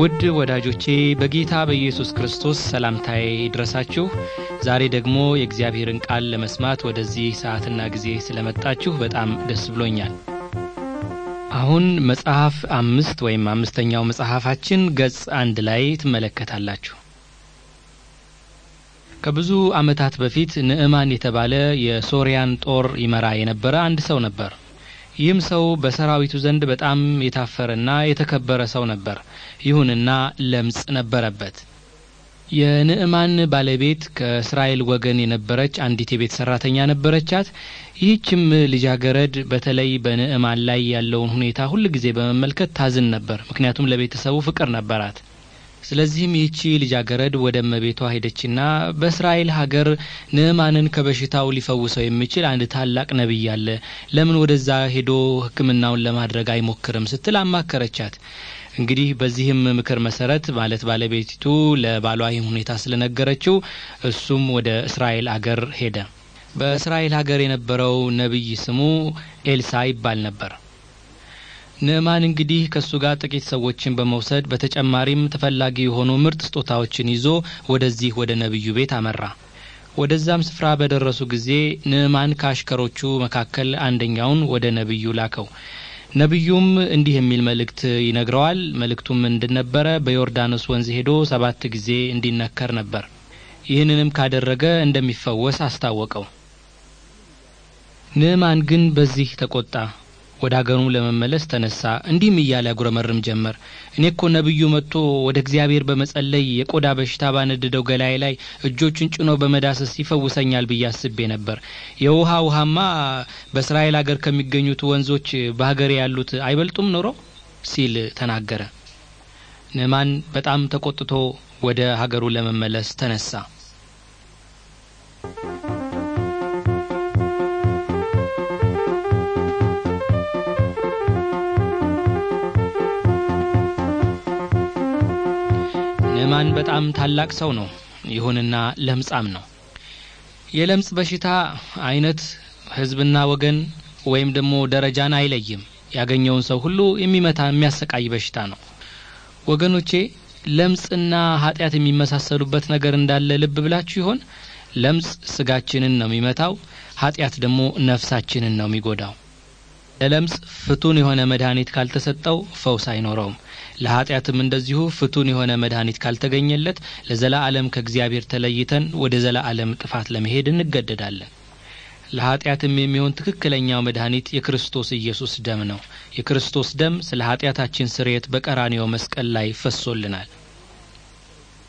ውድ ወዳጆቼ በጌታ በኢየሱስ ክርስቶስ ሰላምታዬ ይድረሳችሁ። ዛሬ ደግሞ የእግዚአብሔርን ቃል ለመስማት ወደዚህ ሰዓትና ጊዜ ስለመጣችሁ በጣም ደስ ብሎኛል። አሁን መጽሐፍ አምስት ወይም አምስተኛው መጽሐፋችን ገጽ አንድ ላይ ትመለከታላችሁ። ከብዙ ዓመታት በፊት ንዕማን የተባለ የሶርያን ጦር ይመራ የነበረ አንድ ሰው ነበር። ይህም ሰው በሰራዊቱ ዘንድ በጣም የታፈረና የተከበረ ሰው ነበር። ይሁንና ለምጽ ነበረበት። የንዕማን ባለቤት ከእስራኤል ወገን የነበረች አንዲት የቤት ሰራተኛ ነበረቻት። ይህችም ልጃገረድ በተለይ በንዕማን ላይ ያለውን ሁኔታ ሁል ጊዜ በመመልከት ታዝን ነበር። ምክንያቱም ለቤተሰቡ ፍቅር ነበራት። ስለዚህም ይህቺ ልጃገረድ ወደ እመቤቷ ሄደችና በእስራኤል ሀገር ንዕማንን ከበሽታው ሊፈውሰው የሚችል አንድ ታላቅ ነቢይ አለ፣ ለምን ወደዛ ሄዶ ህክምናውን ለማድረግ አይሞክርም ስትል አማከረቻት። እንግዲህ በዚህም ምክር መሰረት ማለት ባለቤቲቱ ለባሏ ይህም ሁኔታ ስለነገረችው እሱም ወደ እስራኤል አገር ሄደ። በእስራኤል ሀገር የነበረው ነቢይ ስሙ ኤልሳ ይባል ነበር። ንዕማን እንግዲህ ከእሱ ጋር ጥቂት ሰዎችን በመውሰድ በተጨማሪም ተፈላጊ የሆኑ ምርጥ ስጦታዎችን ይዞ ወደዚህ ወደ ነቢዩ ቤት አመራ። ወደዛም ስፍራ በደረሱ ጊዜ ንዕማን ከአሽከሮቹ መካከል አንደኛውን ወደ ነቢዩ ላከው። ነቢዩም እንዲህ የሚል መልእክት ይነግረዋል። መልእክቱም እንድነበረ በዮርዳኖስ ወንዝ ሄዶ ሰባት ጊዜ እንዲነከር ነበር። ይህንንም ካደረገ እንደሚፈወስ አስታወቀው። ንዕማን ግን በዚህ ተቆጣ። ወደ አገሩም ለመመለስ ተነሳ። እንዲህም እያለ ያጉረመርም ጀመር። እኔ እኮ ነቢዩ መጥቶ ወደ እግዚአብሔር በመጸለይ የቆዳ በሽታ ባነድደው ገላዬ ላይ እጆቹን ጭኖ በመዳሰስ ይፈውሰኛል ብዬ አስቤ ነበር። የውሃ ውሃማ በእስራኤል አገር ከሚገኙት ወንዞች በሀገሬ ያሉት አይበልጡም ኖሮ ሲል ተናገረ። ንዕማን በጣም ተቆጥቶ ወደ ሀገሩ ለመመለስ ተነሳ። ሃይማን በጣም ታላቅ ሰው ነው። ይሁንና ለምጻም ነው። የለምጽ በሽታ አይነት ህዝብና ወገን ወይም ደግሞ ደረጃን አይለይም። ያገኘውን ሰው ሁሉ የሚመታ የሚያሰቃይ በሽታ ነው። ወገኖቼ ለምጽና ኃጢአት የሚመሳሰሉበት ነገር እንዳለ ልብ ብላችሁ ይሆን? ለምጽ ስጋችንን ነው የሚመታው። ኃጢአት ደግሞ ነፍሳችንን ነው የሚጎዳው። ለለምጽ ፍቱን የሆነ መድኃኒት ካልተሰጠው ፈውስ አይኖረውም። ለኃጢአትም እንደዚሁ ፍቱን የሆነ መድኃኒት ካልተገኘለት ለዘላ ዓለም ከእግዚአብሔር ተለይተን ወደ ዘላ ዓለም ጥፋት ለመሄድ እንገደዳለን። ለኃጢአትም የሚሆን ትክክለኛው መድኃኒት የክርስቶስ ኢየሱስ ደም ነው። የክርስቶስ ደም ስለ ኃጢአታችን ስርየት በቀራኒዮ መስቀል ላይ ፈሶልናል።